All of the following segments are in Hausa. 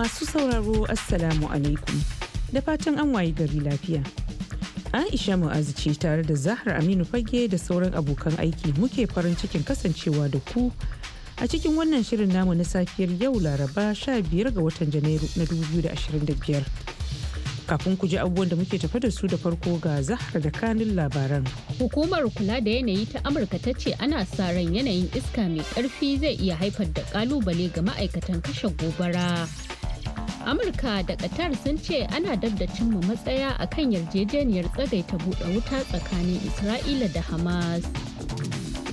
Masu sauraro Assalamu alaikum da fatan an wayi gari lafiya. Aisha Mu'azu ce tare da Zahra Aminu Fage da sauran abokan aiki muke farin cikin kasancewa da ku a cikin wannan shirin namu na safiyar yau Laraba 15 ga watan Janairu na 2025. Kafin ku ji abubuwan da muke tafa da su da farko ga Zahra da kanin labaran. Hukumar kula da yanayi ta Amurka ta ce ana sa ran yanayin iska mai karfi zai iya haifar da kalubale ga ma'aikatan kashe gobara. amurka da qatar sun ce ana dabdacin mu matsaya a kan yarjejeniyar tsagaita buɗe wuta tsakanin isra'ila da hamas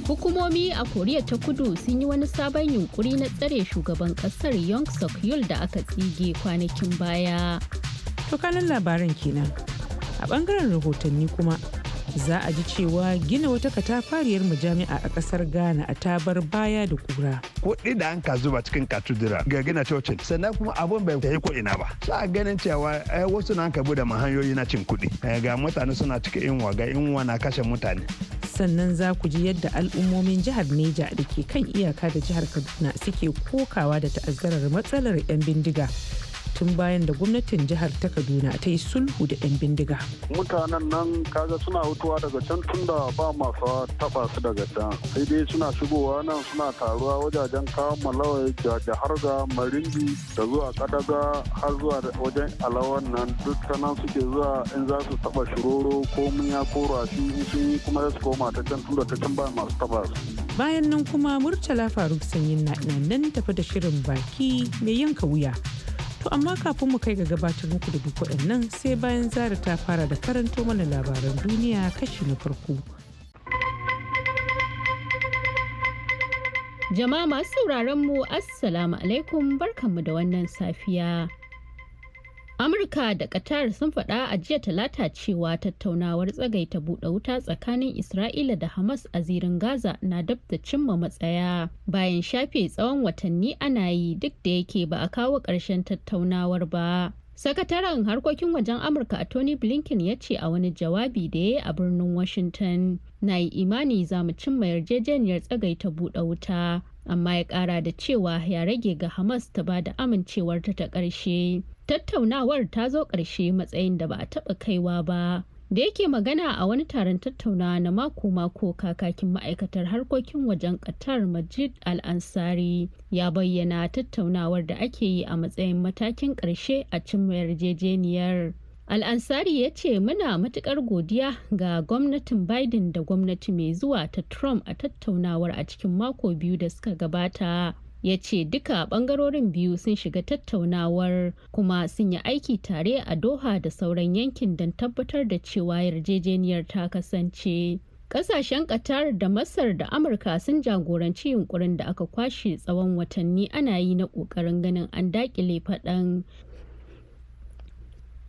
hukumomi a koriya ta kudu sun yi wani sabon yunkuri na tsare shugaban kasar yong suk yul da aka tsige kwanakin baya tukanin labarin kenan a bangaren rahotanni kuma za a ji cewa gina wata katafariyar majami'a a kasar ghana a tabar baya da kura kuɗi da an ka zuba cikin katudira ga gina cocin sannan kuma abun bai ta yi ko ina ba sa ganin cewa eh, wasu na an ka bude mahanyoyi na cin kuɗi eh, ga mutane suna cikin inwa ga inwa na kashe mutane sannan za ku ji yadda al'ummomin jihar neja da ke kan iyaka da jihar kaduna suke kokawa da ta'azzarar matsalar 'yan bindiga tun bayan da gwamnatin jihar ta kaduna ta yi sulhu da 'yan bindiga mutanen nan kaga suna hutuwa daga can tun da ba masu taba su daga can sai dai suna shigowa nan suna taruwa wajajen kawo malawa da harga marimbi da zuwa kadaga har zuwa wajen alawan nan duk sanan suke zuwa in za su taba shiroro ko munya ko rafi in sun yi kuma su koma ta can tun ta can ba masu taba su bayan nan kuma murtala faruk sanyin na nan tafi da shirin baki mai yanka wuya To amma kafin mu kai ga gabatar muku da duk waɗannan sai bayan zara ta fara da karanto mana labaran duniya kashi na farko. Jama'a masu sauraron mu Assalamu alaikum barkanmu da wannan safiya. amurka da qatar sun faɗa a jiya talata cewa tattaunawar tsagaita buɗe wuta tsakanin isra'ila da hamas a zirin gaza na dab da cimma matsaya bayan shafe tsawon watanni ana yi duk da yake ba a kawo ƙarshen tattaunawar ba sakataren harkokin wajen amurka a tony blinken ya ce a wani jawabi da ya yi a birnin washington na yi imani za mu cimma yarjejeniyar tsagaita buɗe wuta amma ya ƙara da cewa ya rage ga hamas ta ba da amincewarta ta ƙarshe tattaunawar ta zo ƙarshe matsayin da ba a taɓa kaiwa ba da yake magana a wani taron tattaunawa na mako-mako kakakin ma'aikatar harkokin wajen qatar majid al-ansari ya bayyana tattaunawar da ake yi a matsayin matakin ƙarshe a cimma yarjejeniyar al-ansari ya ce muna matukar godiya ga gwamnatin biden da gwamnati mai zuwa ta trump a tattaunawar a cikin mako biyu da suka gabata ya ce duka bangarorin biyu sun shiga tattaunawar kuma sun yi aiki tare a doha da sauran yankin don tabbatar da cewa yarjejeniyar ta kasance Ƙasashen Qatar da Masar da Amurka sun jagoranci yunkurin da aka kwashe tsawon watanni ana yi na ƙoƙarin ganin an daƙile faɗan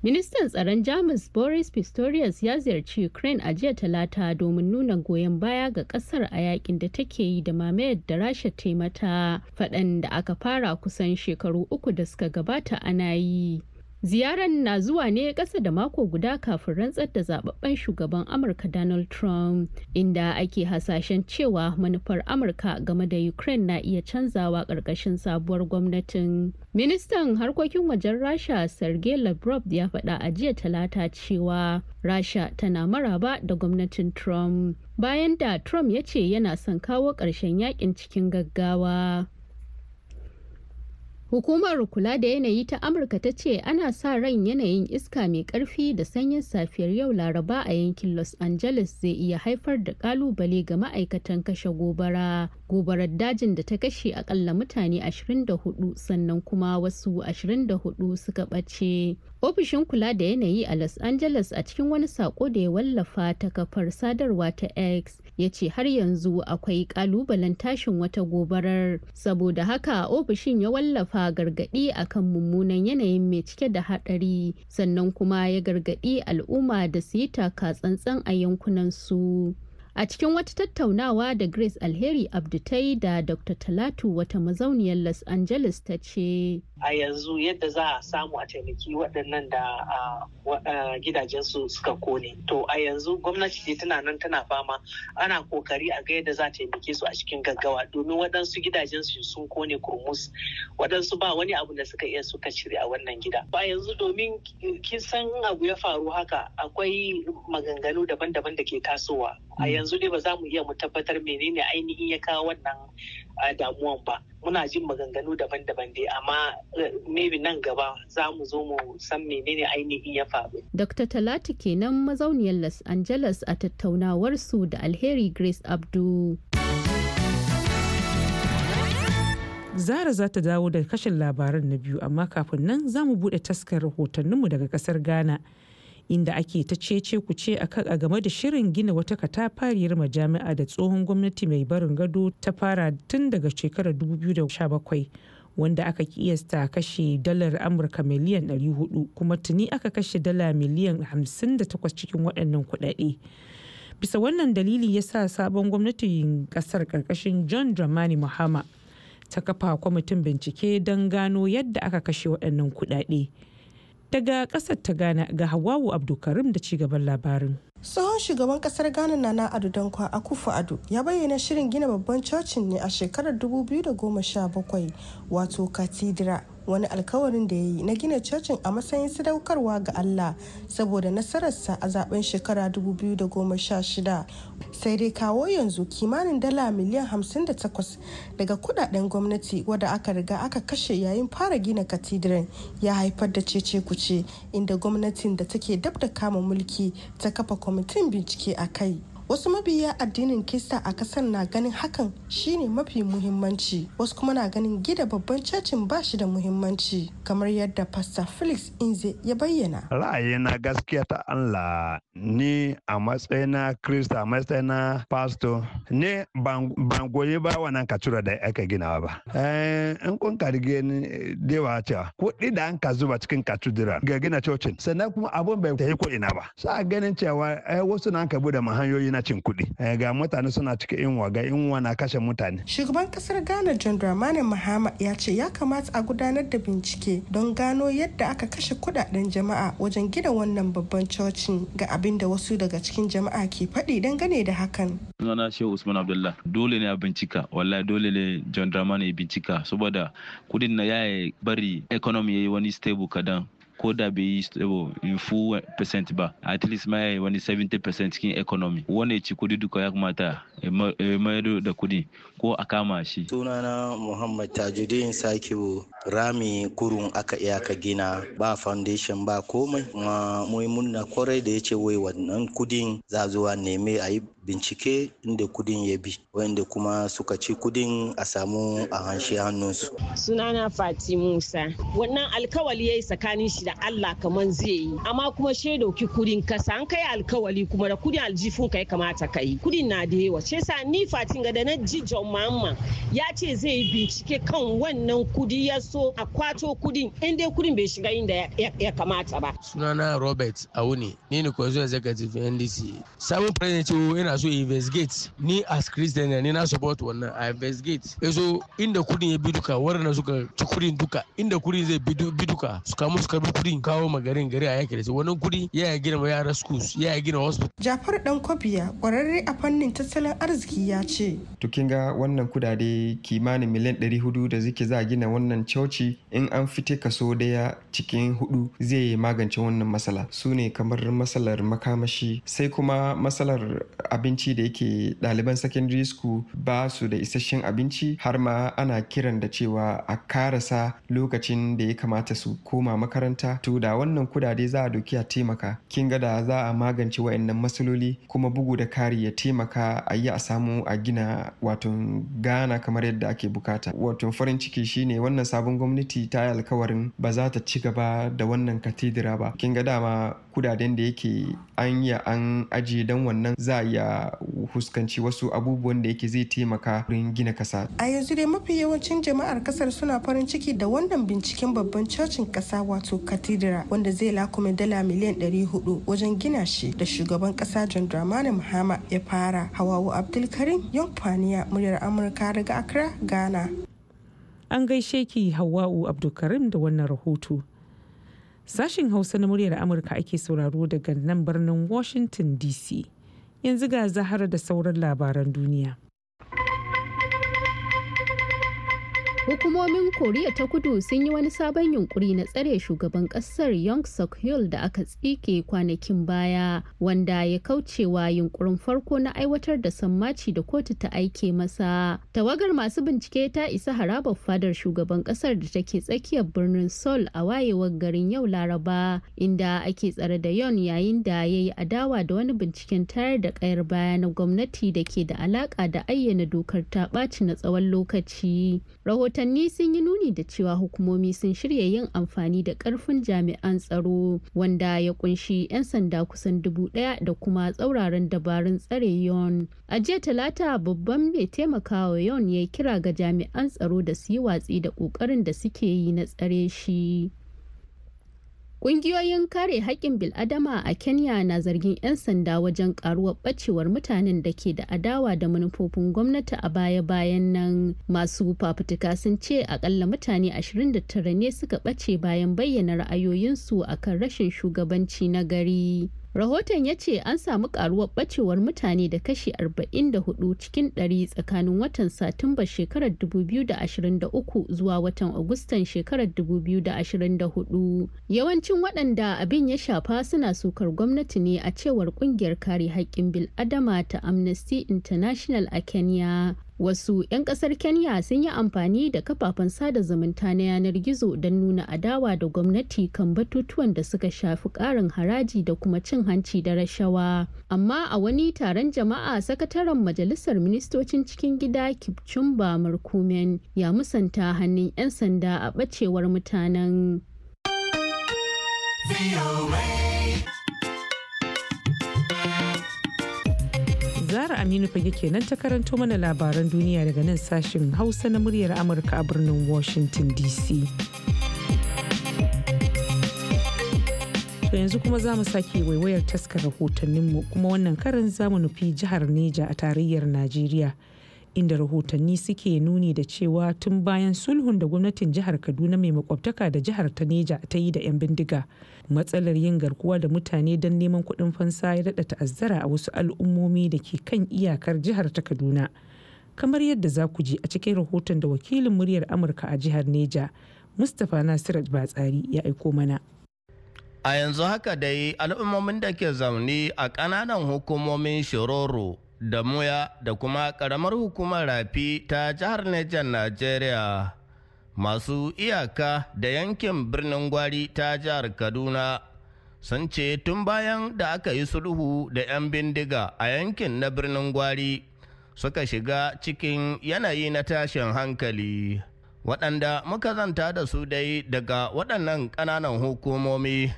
Ministan tsaron Jamus Boris Pistorius ya ziyarci Ukraine a jiya Talata domin nuna goyon baya ga kasar a yakin da take yi da mamayar da Rasha ta mata faɗan da aka fara kusan shekaru uku da suka gabata ana yi. Ziyarar na zuwa ne ƙasa da mako guda kafin rantsar da zababben shugaban Amurka Donald Trump, inda ake hasashen cewa manufar Amurka game da Ukraine na iya canzawa ƙarƙashin sabuwar gwamnatin. Ministan harkokin wajen Rasha Sergei Lavrov ya faɗa a jiya talata cewa Rasha tana maraba da gwamnatin Trump, bayan da Trump ya ce yana son kawo ƙarshen yakin cikin gaggawa. Hukumar kula da yanayi ta Amurka ta ce ana sa ran yanayin iska mai karfi da sanyin safiyar yau Laraba a yankin Los Angeles zai iya haifar da kalubale ga ma'aikatan kashe gobara gobarar dajin da ta kashe akalla mutane 24 sannan kuma wasu 24 suka ɓace ofishin kula da yanayi a los angeles a cikin wani sako da ya wallafa ta kafar sadarwa ta x ya ce har yanzu akwai kalubalen tashin wata gobarar saboda haka ofishin ya wallafa gargaɗi akan mummunan yanayin mai cike da haɗari sannan kuma ya gargaɗi al'umma da su yi taka tsantsan a yankunan su A cikin wata tattaunawa da Grace Alheri abdutai da Dr. Talatu wata mazauniyar Los Angeles ta ce. a yanzu yadda za a samu a taimaki waɗannan da gidajensu suka kone to a yanzu gwamnati ce tana nan tana fama ana kokari a ga yadda za a taimake su a cikin gaggawa domin waɗansu gidajensu sun kone kurmus waɗansu ba wani abu da suka iya suka cire a wannan gida ba yanzu domin kin san abu ya faru haka akwai maganganu daban-daban da ke tasowa a mm. yanzu dai ba za mu iya mu tabbatar menene ainihin ya kawo wannan damuwan ba muna jin maganganu daban-daban dai amma eh, maybe nan gaba za mu zo mu san menene ainihin ya faru. Dr. Talatu kenan mazauniyar Los Angeles a su da Alheri Grace Abdu. Zara za ta dawo da kashin labaran na biyu amma kafin nan za mu buɗe taskar rahotanninmu daga ƙasar Ghana. inda ake ta cece ku ce a game da shirin gina wata katafariyar majami'a da tsohon gwamnati mai barin gado ta fara tun daga shekarar 2017 wanda aka kiyasta kashe dalar amurka miliyan 400 kuma tuni aka kashe dala miliyan 58 cikin waɗannan kuɗaɗe. bisa wannan dalili ya sa sabon gwamnatin kasar karkashin john dramani muhammad ta kafa kwamitin bincike don gano yadda aka kashe waɗannan kuɗaɗe. daga ƙasar ta Ghana ga Hawawu Abdulkarim da cigaban labarin. Tsohon shugaban kasar Ghana Nana Ado Dankwa Akufo Ado ya bayyana shirin gina babban cocin ne a shekarar 2017 wato Katidra wani alkawarin da ya yi na gina cocin a matsayin sadaukarwa ga Allah saboda nasararsa a zaben shekara 2016 sai dai kawo yanzu kimanin dala miliyan 58 daga kudaden gwamnati wadda aka riga aka kashe yayin fara gina katidiran ya haifar da cece kuce inda gwamnatin da take dab da kama mulki ta kafa kwamitin bincike a kai wasu mabiya addinin kista a kasar na ganin hakan shine mafi muhimmanci wasu kuma na ganin gida babban cocin ba shi da muhimmanci kamar yadda pastor felix inze ya bayyana ra'ayina gaskiya ta allah ni a matsayina krista a matsayina pastor ne ban goyi ba wannan kacura da aka ginawa ba eh, in kun karge ni eh, dewa cewa kuɗi da an ka zuba cikin katudira ga gina cocin sannan kuma abun bai ta yi ko ina ba sa ganin cewa eh, wasu na an ka bude mahanyoyi yana cin kuɗi eh, ga mutane suna cika inwa ga inwa na kashe mutane shugaban kasar ghana john dramani mahama ya ce ya kamata a gudanar da bincike don gano yadda aka kashe kuɗaɗen jama'a wajen gina wannan babban cocin ga abin da wasu daga cikin jama'a ke faɗi gane da hakan sunana shehu usman abdullah dole ne a bincika wallahi dole ne john dramani ya bincika saboda kuɗin na ya bari economy ya wani stable kadan ko da bai yi in full percent ba at least eh, ma ya yi wani 70 percent eh, cikin economy wani ci kudi duka ya kamata ya mayar da kudi ko a kama shi sunana muhammad tajudin bu. rami kurun aka iya ka gina ba foundation ba komai kuma muhimmin kwarai da ya ce wai wannan kudin za zuwa neme a yi bincike inda kudin ya bi wanda kuma suka ci kudin a samu a hanshi hannunsu. sunana fati musa wannan alkawali ya yi tsakanin shi da allah kamar zai yi amma kuma shaidoki kudin kasa an kai alkawali kuma da kudin aljifin ka ya kamata ka yi kudin na da yawa ce sa ni fatin ga da na ji john mamman ya ce zai yi bincike kan wannan kudi ya so a kwato kudin in dai kudin bai shiga inda ya kamata ba. Sunana Robert Awuni ni ne kwanzo executive NDC. Sabon president ce yana oh, so investigate ni as Christian ne na support wannan a investigate. Yazo inda kudin ya bi duka waɗanda suka ci kudin duka inda kudin zai bi duka su kamu su karbi kudin kawo ma garin gari a yake da su wannan kudi ya yi gina yara schools ya yi gina hospital. Jafar Dan Kwabiya kwararre a fannin tattalin arziki ya ce. To ga wannan kudade kimanin miliyan 400 da zike za a gina wannan coci in an fite kaso daya cikin hudu zai yi magance wannan matsala su ne kamar matsalar makamashi sai kuma matsalar abinci da yake ɗaliban secondary school ba su da isasshen abinci har ma ana kiran da cewa a karasa lokacin da ya kamata su koma makaranta to da wannan kudade za a doki a taimaka kin ga da za a magance wayannan matsaloli kuma bugu da kari ya taimaka a yi a samu a gina wato gana kamar yadda ake bukata wato farin ciki shine wannan sabon sabon gwamnati ta yi alkawarin ba za ta ci gaba da wannan katidira ba kin ga dama kudaden da yake an ya an ajiye dan wannan za a iya huskanci wasu abubuwan da yake zai taimaka wurin gina kasa a yanzu dai mafi yawancin jama'ar kasar suna farin ciki da wannan binciken babban cocin kasa wato katidira wanda zai lakume dala miliyan 400 wajen gina shi da shugaban kasa john dramani mahama ya fara hawawu abdulkarim yankwaniya muryar amurka daga accra ghana An gaishe ki hawa'u Abdulkarim da wannan rahoto. Sashin Hausa na muryar Amurka ake sauraro daga nan birnin Washington DC. Yanzu ga Zahara da sauran labaran duniya. Hukumomin Koriya ta Kudu sun yi wani sabon yunkuri na tsare shugaban kasar Yong Suk Hyul da aka tsike kwanakin baya wanda ya kaucewa yunkurin farko na aiwatar da sammaci da kotu ta aike masa. Tawagar masu bincike ta isa harabar fadar shugaban kasar da take tsakiyar birnin Seoul a wayewar garin yau Laraba inda ake tsare da Yon yayin da ya yi adawa da wani binciken tayar da kayar baya na gwamnati da ke da alaka da ayyana dokar ta ɓaci na tsawon lokaci. Rahoton rahotanni sun yi nuni da cewa hukumomi sun shirya yin amfani da karfin jami'an tsaro wanda ya kunshi 'yan sanda kusan dubu daya da kuma tsauraran dabarun tsare yon a jiya talata babban mai taimakawa yon ya kira ga jami'an tsaro da su yi watsi da kokarin da suke yi na tsare shi Ƙungiyoyin kare haƙƙin bil'adama a Kenya na zargin 'yan sanda wajen ƙaruwar ɓacewar mutanen da ke da adawa da manufofin gwamnati a baya-bayan nan. Masu fafutuka sun ce akalla mutane 29 ne suka ɓace bayan bayyana ra'ayoyinsu akan rashin shugabanci na gari. rahoton ya ce an samu karuwar bacewar mutane da kashi 44 cikin 100 tsakanin watan satumba shekarar 2023 zuwa watan agustan shekarar 2024 yawancin waɗanda abin ya shafa suna sukar gwamnati ne a cewar ƙungiyar kare haƙƙin bil'adama ta amnesty international a kenya wasu 'yan kasar kenya sun yi amfani da kafafen sada zumunta na yanar gizo don nuna adawa da gwamnati kan batutuwan da suka shafi karin haraji da kuma cin hanci da rashawa amma a wani taron jama'a sakataren majalisar ministocin cikin gida kipchumba murkumen ya musanta hannun 'yan sanda a bacewar mutanen Zara Aminu fage kenan ta karanto mana labaran duniya daga nan sashen Hausa na muryar Amurka a birnin Washington DC. To yanzu kuma za mu sake waiwayar taskar rahotanninmu kuma wannan karin za mu nufi jihar Neja a tarayyar Najeriya. Inda rahotanni suke nuni da cewa tun bayan sulhun da gwamnatin jihar Kaduna mai makwabtaka da jihar ta Neja ta yi da 'yan bindiga. matsalar yin garkuwa da mutane don neman kuɗin fansa ya daɗa ta'azzara a wasu al'ummomi da ke kan iyakar jihar ta kaduna kamar yadda za ku ji a cikin rahoton da wakilin muryar amurka a jihar neja mustapha nasirat batsari ya aiko mana a yanzu haka dai al'ummomin da ke zaune a ƙananan hukumomin shiroro da muya da kuma ƙaramar hukumar rafi ta jihar neja najeriya masu iyaka da yankin birnin gwari ta jihar kaduna sun ce tun bayan da aka yi sulhu da 'yan bindiga a yankin na birnin gwari suka shiga cikin yanayi na tashin hankali waɗanda muka zanta da su dai daga waɗannan ƙananan hukumomi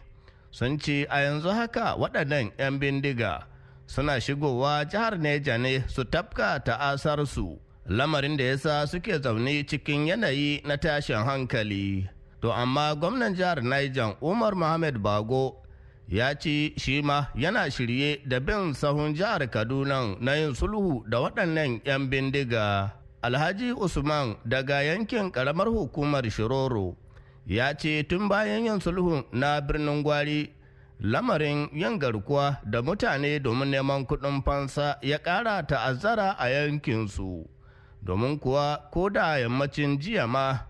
sun ce a yanzu haka waɗannan 'yan bindiga suna shigowa jihar neja ne su tafka ta'asarsu lamarin da ya sa suke zaune cikin yanayi na tashin hankali to amma gwamnan jihar niger umar mohamed bago ya ce shi ma yana shirye da bin sahun jihar kaduna na yin sulhu da waɗannan 'yan bindiga alhaji usman daga yankin ƙaramar hukumar shiroro ya ce tun bayan yin sulhu na birnin gwari lamarin yin garkuwa da mutane domin neman kuɗin fansa ya ƙara ta'azzara a yankinsu. domin kuwa ko da yammacin jiya ma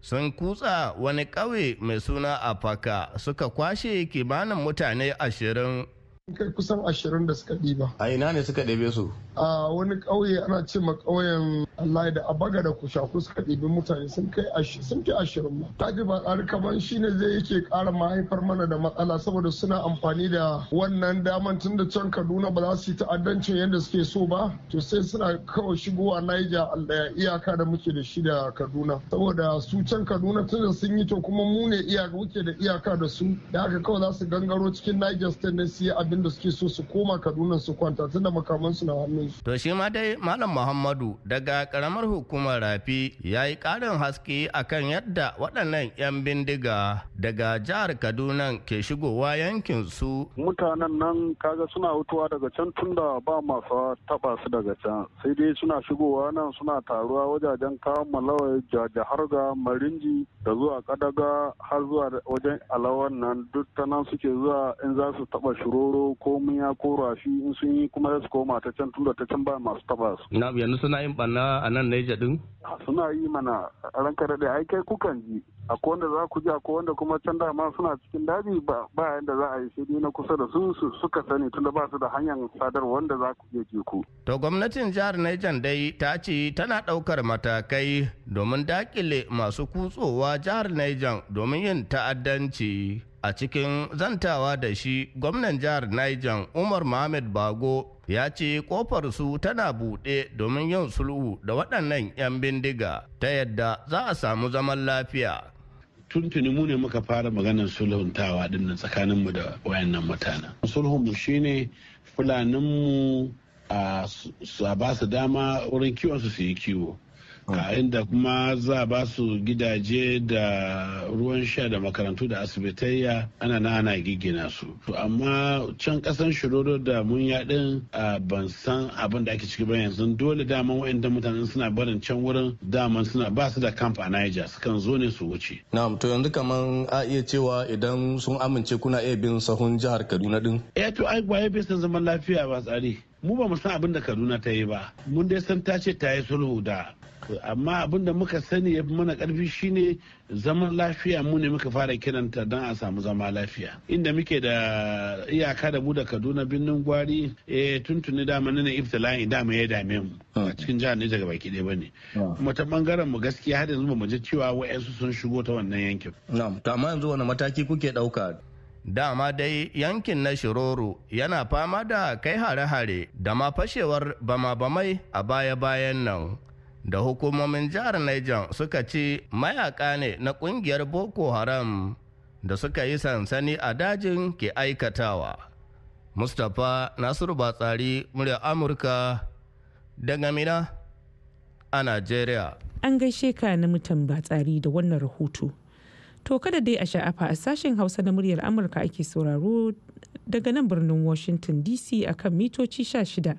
sun kutsa wani ƙauye mai suna afaka suka kwashe kimanin mutane ashirin kai kusan ashirin da suka ɗiba. A ina ne suka ɗebe su? A wani ƙauye ana ce ma ƙauyen Allah da abaga da kushaku suka ɗibi mutane sun kai sun kai ashirin ma. Taji ba tsari shi ne zai yake ƙara mahaifar mana da matsala saboda suna amfani da wannan daman tun da can Kaduna ba za su yi ta'addancin yadda suke so ba. To sai suna kawai shigowa Niger iyaka da muke da shi da Kaduna. Saboda su can Kaduna tun da sun yi to kuma mu ne iyaka muke da iyaka da su. Da haka kawai za su gangaro cikin Niger State ne su yi abin garin da suke so su koma kaduna su kwanta da makamansu na su. to shi ma dai malam muhammadu daga karamar hukumar rafi ya yi karin haske akan yadda waɗannan 'yan bindiga daga jihar kaduna ke shigowa yankin su. mutanen nan kaga suna hutuwa daga can tunda ba masu taba su daga can sai dai suna shigowa nan suna taruwa wajajen kawo malawa jajaharga marinji da zuwa kadaga har zuwa wajen alawan nan duk ta nan suke zuwa in za su taba shiroro ko komai ya kora shi in sun yi kuma su koma ta can tura ta can ba masu taba su. Na yanzu suna yin banna a nan Niger din? Suna yi mana ranka da ai kai kukan ji. ko wanda za ku ji akwai wanda kuma can dama suna cikin daji ba yadda za a yi sai na kusa da su suka sani tunda ba su da hanyar sadarwa wanda za ku je ku. To gwamnatin jihar Niger dai ta ce tana ɗaukar matakai domin dakile masu kutsowa jihar Niger domin yin ta'addanci. a cikin zantawa da shi gwamnan jihar Niger Umar Mohamed Bago ya ce kofar su tana buɗe domin yin sulhu da waɗannan 'yan bindiga ta yadda za a samu zaman lafiya. tuntuni mu ne muka fara maganar sulhuntawa dinnan tsakaninmu da wayannan mutanen mu shine fulaninmu a ba su dama wurin kiwon su su yi kiwo inda kuma za a ba su gidaje da ruwan sha da makarantu da asibitaiya ana na ana giggina su to amma can kasan shiroro da mun yaɗin a ban san abin da ake ciki ba yanzu dole daman wa'annan mutanen suna barin can wurin daman suna ba su da camp a Niger sukan zo ne su wuce na'am to yanzu kaman a iya cewa idan sun amince kuna iya bin sahun jihar Kaduna din eh to ai gwaye bai zaman lafiya ba tsari mu ba mu san abin da Kaduna ta yi ba mun dai san ta ce ta yi sulhu da amma abin da muka sani ya fi mana karfi shine zaman lafiya mu ne muka fara kiranta don a samu zama lafiya inda muke da iyaka da mu da kaduna birnin gwari eh tuntuni dama ne iftila'in dama ya dame mu ah. a cikin jihar ne daga ah. baki ɗaya bane kuma ta bangaren mu gaskiya har yanzu mu ji cewa wa'ansu sun shigo ta wannan yankin na'am to amma yanzu wani mataki kuke ɗauka dama dai yankin na shiroro yana fama da kai hare-hare da ma fashewar bama-bamai a baya-bayan nan da hukumomin jihar Niger suka ce mayaka ne na kungiyar Boko Haram da suka yi sansani a dajin ke aikatawa. Mustapha Nasiru Batsari murya Amurka daga Mina a Najeriya. An gaishe ka na mutan Batsari da wannan rahoto. To kada dai a sha'afa a sashen Hausa na muryar Amurka ake sauraro daga nan birnin Washington DC akan mitoci 16,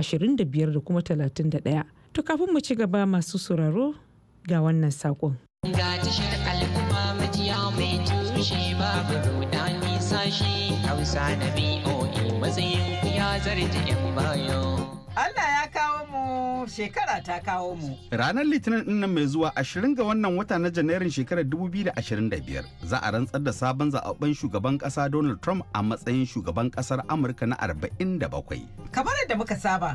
25 da kuma 31. To kafin mu ci gaba masu sauraro ga wannan saƙon. Ga tashar al'umma majiya mai tushe babu rudani sashi hausa na BOA matsayin ya zarta 'yan bayo. Allah ya kawo mu shekara ta kawo mu. Ranar Litinin ɗin nan mai zuwa 20 ga wannan wata na Janairun shekarar 2025 za a rantsar da sabon zaɓen shugaban ƙasa Donald Trump a matsayin shugaban ƙasar Amurka na 47. Kamar yadda muka saba,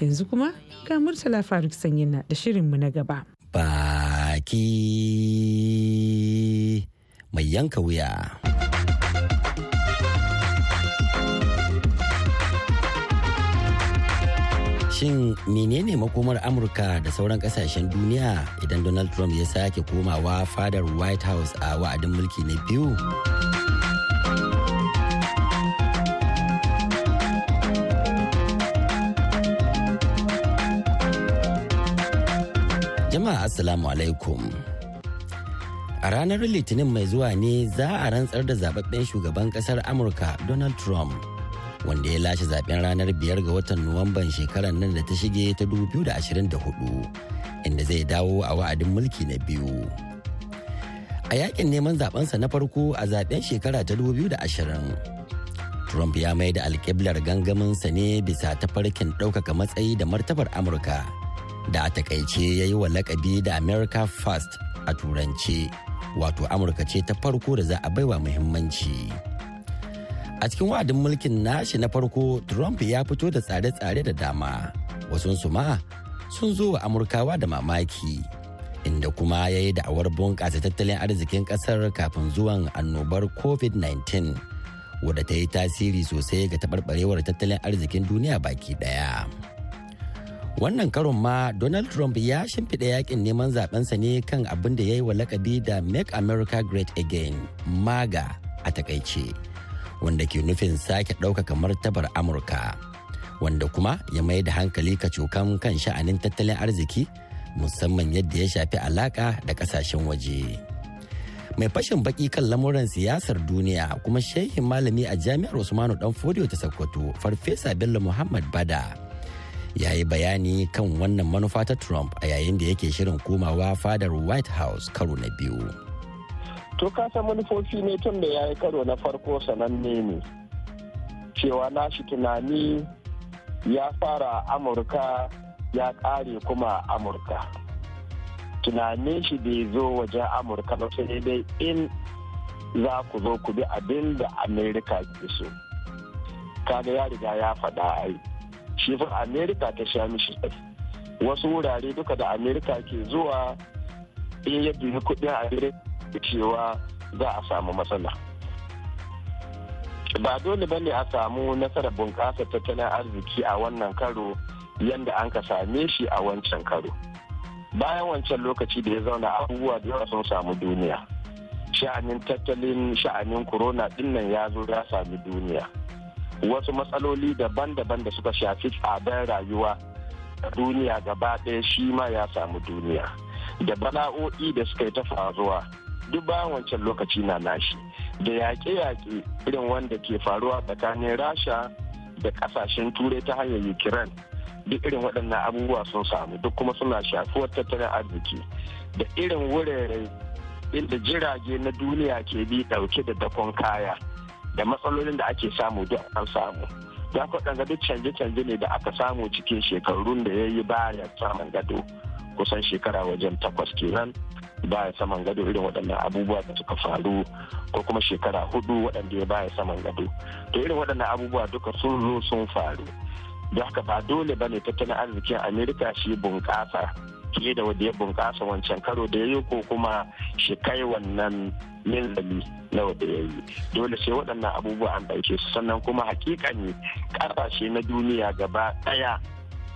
yanzu kuma ga murtala faruk sanyina da shirinmu na gaba baki mai yanka wuya shin menene makomar amurka da sauran kasashen duniya idan donald trump ya sake komawa fadar white house a wa'adin mulki na biyu assalamu alaikum a ranar litinin mai zuwa ne za a rantsar da zababben shugaban kasar amurka donald trump wanda ya lashe zaben ranar biyar ga watan nuwamban shekarar nan da ta shige ta 2024 inda zai dawo a wa'adin mulki na biyu a yakin neman zabensa na farko a zaben shekara ta 2020 Trump ya mai da alƙiblar gangaminsa ne bisa tafarkin ɗaukaka matsayi da martabar Amurka da a takaice ya yi wa lakabi da America First a turance wato Amurka ce ta farko da za a baiwa muhimmanci. A cikin wa'adin mulkin nashi na farko Trump ya fito da tsare-tsare da dama su ma sun zo wa Amurkawa da mamaki. inda kuma ya yi da'awar bunƙasa tattalin arzikin ƙasar kafin zuwan annobar covid-19 wadda ta yi tasiri sosai ga taɓarɓarewar tattalin arzikin duniya baki ɗaya. wannan karon ma donald trump ya shimfiɗa yakin neman zaɓensa ne kan abin da ya yi wa lakabi da make america great again maga a takaice wanda ke nufin sake ɗaukaka martabar amurka wanda kuma ya mai da hankali ka kacokan kan sha'anin tattalin arziki musamman yadda ya shafi alaka da kasashen waje mai fashin baki kan lamuran siyasar duniya kuma shehin malami a jami'ar usmanu ɗan fodiyo ta sokoto farfesa bello muhammad bada ya yi bayani kan wannan manufa ta trump a yayin da yake shirin komawa fadar white house karo na biyu to kasa manufofi ne tun da ya yi karo na farko sananne ne cewa nashi tunani ya fara amurka ya kare kuma amurka tunanin shi bai zo wajen amurka na sai dai in za ku zo ku bi abin da amerika ke so kaga ya riga ya faɗa ai shi fa amerika ta sha mishi wasu wurare duka da amerika ke zuwa in ya biyu kudin amerika cewa za a samu matsala ba dole ba ne a samu nasarar bunƙasa tattalin arziki a wannan karo yadda an ka same shi a wancan karo bayan wancan lokaci da ya zauna abubuwa da yawa sun samu duniya sha'anin tattalin sha'anin corona dinnan ya zo ya sami duniya wasu matsaloli daban-daban da suka shafi tsadar rayuwa duniya gaba ɗaya shi ma ya samu duniya da bala'o'i da suka yi ta faruwa duk bayan wancan lokaci na nashi da yaƙe-yaƙe irin wanda ke faruwa tsakanin rasha da ƙasashen turai ta hanyar ukraine duk irin waɗannan abubuwa sun samu duk kuma suna shafuwar tattalin arziki da irin wurare inda jirage na duniya ke bi ɗauke da dakon kaya da matsalolin da ake samu duk an samu ya kwaɗanga duk canje-canje ne da aka samu cikin shekarun da ya yi bayan saman gado kusan shekara wajen takwas kenan ya saman gado irin waɗannan abubuwa da suka faru ko kuma shekara hudu waɗanda ya bayan saman gado to irin waɗannan abubuwa duka sun zo sun faru da haka ba dole ba ne tattalin arzikin amerika shi bunƙasa fiye da wanda ya bunkasa wancan karo da ya yi ko kuma shi kai wannan minzali na wanda ya yi dole sai waɗannan abubuwa an ɗauke su sannan kuma ne ƙasashe na duniya gaba ɗaya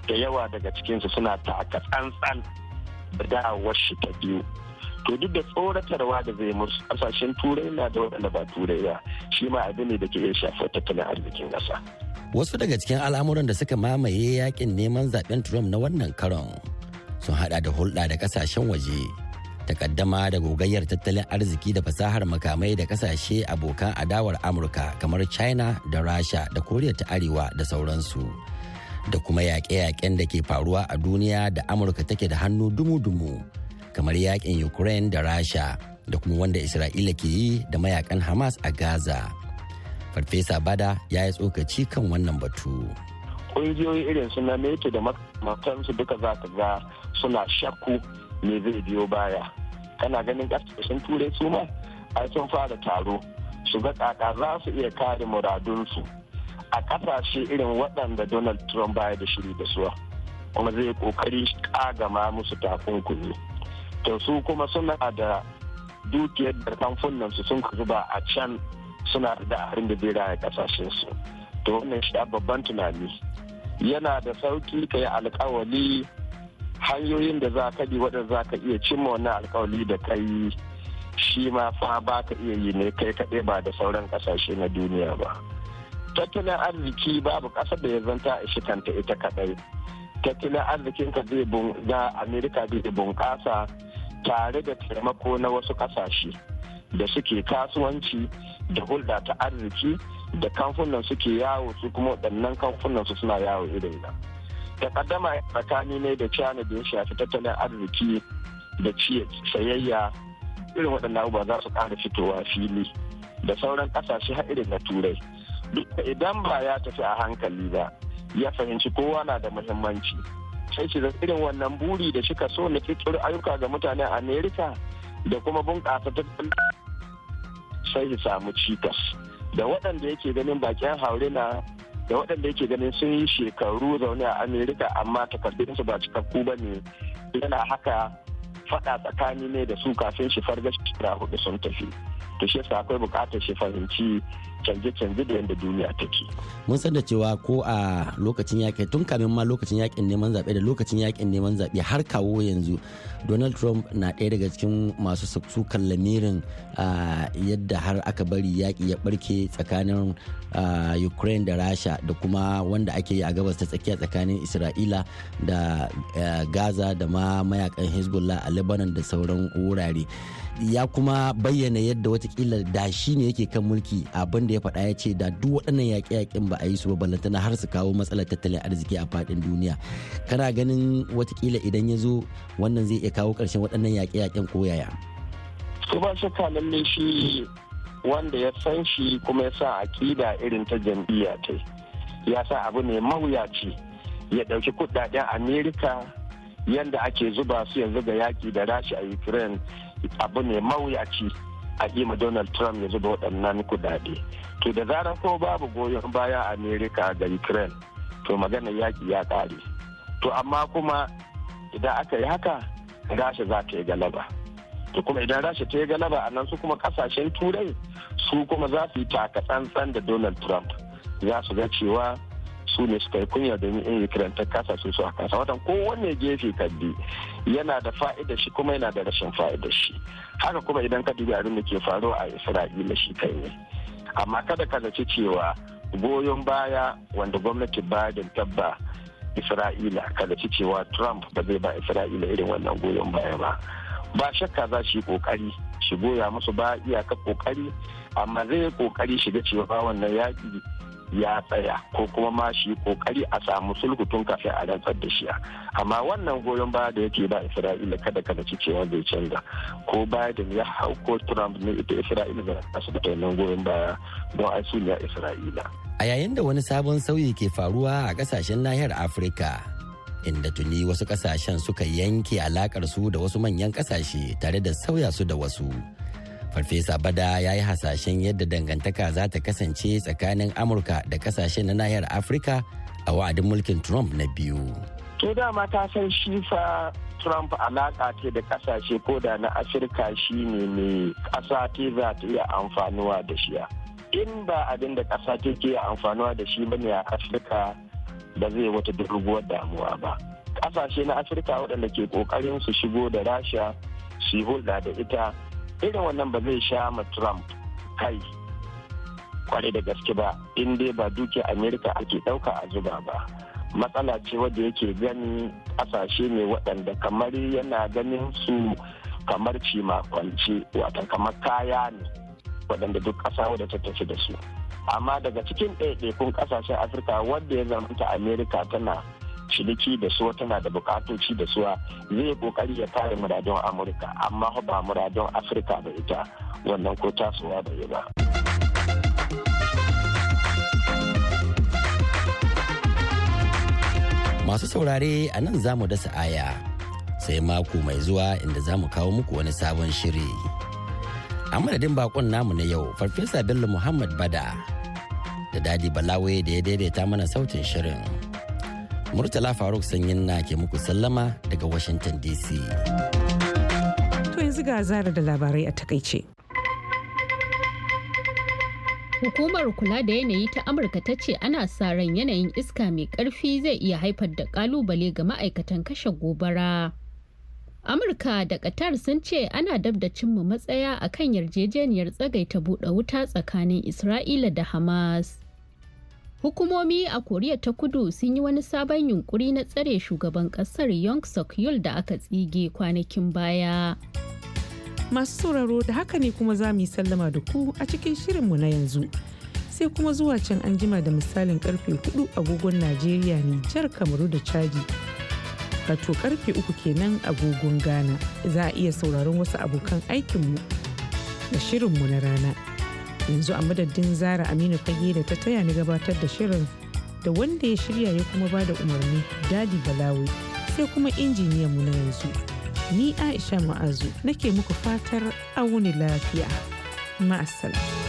da yawa daga cikinsu suna taka tsantsan da dawowar ta biyu to duk da tsoratarwa da zai musu kasashen turai na da waɗanda ba turai ba shi ma abu ne da ke iya shafar tattalin arzikin ƙasa. wasu daga cikin al'amuran da suka mamaye yakin neman zaben trump na wannan karon sun hada da hulɗa da kasashen waje takaddama da gogayyar tattalin arziki da fasahar makamai da kasashe abokan adawar amurka kamar china da rasha da koriya ta arewa da sauransu da kuma yaƙe-yaƙen da ke faruwa a duniya da amurka take da hannu dumu-dumu kamar yaƙin ukraine da rasha da kuma wanda isra'ila ke yi da mayakan hamas a gaza farfesa bada ya yi tsokaci kan wannan batu ƙungiyoyi irin su na da makamantansu duka za ta ga suna shakku me zai biyo baya kana ganin sun turai su ma ai sun fara taro su ga kaka za su iya kare muradunsu a kasashe irin waɗanda donald trump baya da shiri da suwa kuma zai ƙoƙari kagama musu takunkumi to su kuma suna da dukiyar da kamfunan su sun zuba a can suna da da'arin da zai ya kasashen su to wannan shi babban tunani yana da sauki ka yi alkawali hanyoyin da za ka bi waɗanda za ka iya cimma wani alkawali da ka yi shi ma fa ba ka iya yi ne kai kaɗai ba da sauran kasashe na duniya ba tattalin arziki babu kasa da ya zanta a shi kanta ita kaɗai tattalin arzikinka zai za amerika zai bunƙasa tare da taimako na wasu kasashe da suke kasuwanci da hulɗa ta arziki da kamfunan suke yawo su kuma waɗannan kamfunan su suna yawo irin nan. takaddama tsakani ne da china da ya shafi tattalin arziki da sayayya irin waɗannan abubuwa za su ƙara fitowa fili da sauran ƙasashe har irin na turai duk idan ba ya tafi a hankali ba ya fahimci kowa na da muhimmanci sai shi irin wannan buri da shika so na fitar ayyuka ga mutanen amerika da kuma bunƙasa tattalin sai su samu cikas da waɗanda yake ganin bakin haure na da waɗanda yake ganin sun yi shekaru zaune a amerika amma takardunsu ba cikakku ba ne yana haka faɗa tsakani ne da su kafin shi farga shekara hudu sun tafi to shi yasa akwai buƙatar shi fahimci canje-canje da yadda duniya take. mun san da cewa ko a lokacin yakin tun kamin ma lokacin yakin neman zaɓe da lokacin yakin neman zaɓe har kawo yanzu donald trump na ɗaya daga cikin masu sukan lamirin yadda har aka bari yaƙi ya barke tsakanin ukraine da rasha da kuma wanda ake yi a gabas ta tsakiya tsakanin isra'ila da gaza da ma mayakan hezbollah a lebanon da sauran wurare ya kuma bayyana yadda watakila da shi ne yake kan mulki abin ya faɗa ya ce da duk waɗannan yaƙe-yaƙen ba a yi su ba ballantana har su kawo matsalar tattalin arziki a faɗin duniya kana ganin watakila idan ya zo wannan zai iya kawo ƙarshen waɗannan yaƙe-yaƙen ko yaya su ba shakka lallai shi wanda ya san shi kuma ya sa aƙida irin ta jam'iyya ta ya sa abu ne mawuyaci ya ɗauki kuɗaɗen amerika yadda ake zuba su yanzu ga yaƙi da rashi a ukraine abu ne mawuyaci a ima donald trump ya zuba waɗannan kudade to da zarar ko babu goyon baya a america ga ukraine to magana yaƙi ya ƙare to amma kuma idan aka yi haka rasha za ta yi galaba to kuma idan rasha ta yi galaba a nan su kuma kasashen turai su kuma za su yi taka tsantsan da donald trump za su ga cewa su ne suka yi kunya domin in yi ta kasa su a kasa watan kowanne gefe kaddi yana da fa'idar shi kuma yana da rashin fa'idar shi haka kuma idan ka dubi abin da ke faruwa a isra'ila shi kai ne amma kada ka zaci cewa goyon baya wanda gwamnati biden tabba isra'ila ka zaci cewa trump ba zai ba isra'ila irin wannan goyon baya ba ba shakka za shi kokari shi goya musu ba iyaka kokari amma zai yi kokari shiga cewa wannan yaƙi ya tsaya ko kuma ma shi kokari a samu sulhu tun kafin a rantsar da shi amma wannan goyon baya da yake ba isra'ila kada kada ci cewa zai canza ko biden ya hau ko trump ne ita isra'ila da ta su nan goyon baya don a ya isra'ila a yayin da wani sabon sauyi ke faruwa a kasashen nahiyar afirka inda tuni wasu kasashen suka yanke alakar su da wasu manyan kasashe tare da sauya su da wasu farfesa bada ya yi hasashen yadda dangantaka za ta kasance tsakanin amurka da kasashen na nahiyar afirka a wa'adin mulkin trump na biyu to dama ta san shi fa trump alaƙa ce da kasashe ko da na afirka shi ne mai ƙasa ce za ta iya amfanuwa da shi in ba abin da ƙasa ta ke amfanuwa da shi ba ne a afirka ba zai wata durguwar damuwa ba ƙasashe na afirka waɗanda ke ƙoƙarin su shigo da rasha su yi hulɗa da ita irin wannan ba zai sha ma trump kai kwarai da gaske ba in dai ba duke amerika ake ɗauka a zuba ba matsala ce wadda yake gani kasashe ne waɗanda kamar yana ganin su kamar ci makwanci wata kamar kaya ne waɗanda duk ƙasa wadda ta tafi da su amma daga cikin ɗaiɗaikun ƙasashen afirka wadda ya zamanta amerika tana ciniki da suwa tana da bukatoci da suwa zai yi kokari ya kare muradun amurka amma ba muradun afirka da ita wannan ko tasowa da yi ba. Masu saurare a nan za mu dasa aya sai mako mai zuwa inda za mu kawo muku wani sabon shiri. A madadin bakon namu na yau Farfesa Bello Muhammad Bada da Dadi Balawe da ya daidaita mana sautin shirin. Murtala Faruk Sanyin na ke muku sallama daga Washington DC. To yanzu ga zara da labarai a takaice. Hukumar kula da yanayi ta Amurka ta ce ana sa ran yanayin iska mai ƙarfi zai iya haifar da ƙalubale ga ma'aikatan kashe gobara. Amurka da Qatar sun ce ana dab da cimma matsaya akan yarjejeniyar tsagaita buɗe wuta tsakanin Isra'ila da Hamas. Hukumomi a Koriya ta Kudu sun yi wani sabon yunkuri na tsare shugaban kasar Yong Suk Yul da aka tsige kwanakin baya. Masu sauraro da haka ne kuma za mu yi sallama da ku a cikin shirinmu na yanzu. Sai kuma zuwa can an jima da misalin karfe 4 agogon Najeriya, Nijar, Kamaru da caji Wato karfe uku kenan agogon Ghana. Za a iya sauraron wasu abokan aikinmu da shirinmu na rana. yanzu a madadin zara aminu fage da ta taya ni gabatar da shirin da wanda ya shirya ya kuma ba da umarni dadi balawi sai kuma injiniyan mu na yanzu ni aisha ma'azu nake muku fatar auni lafiya ma'asala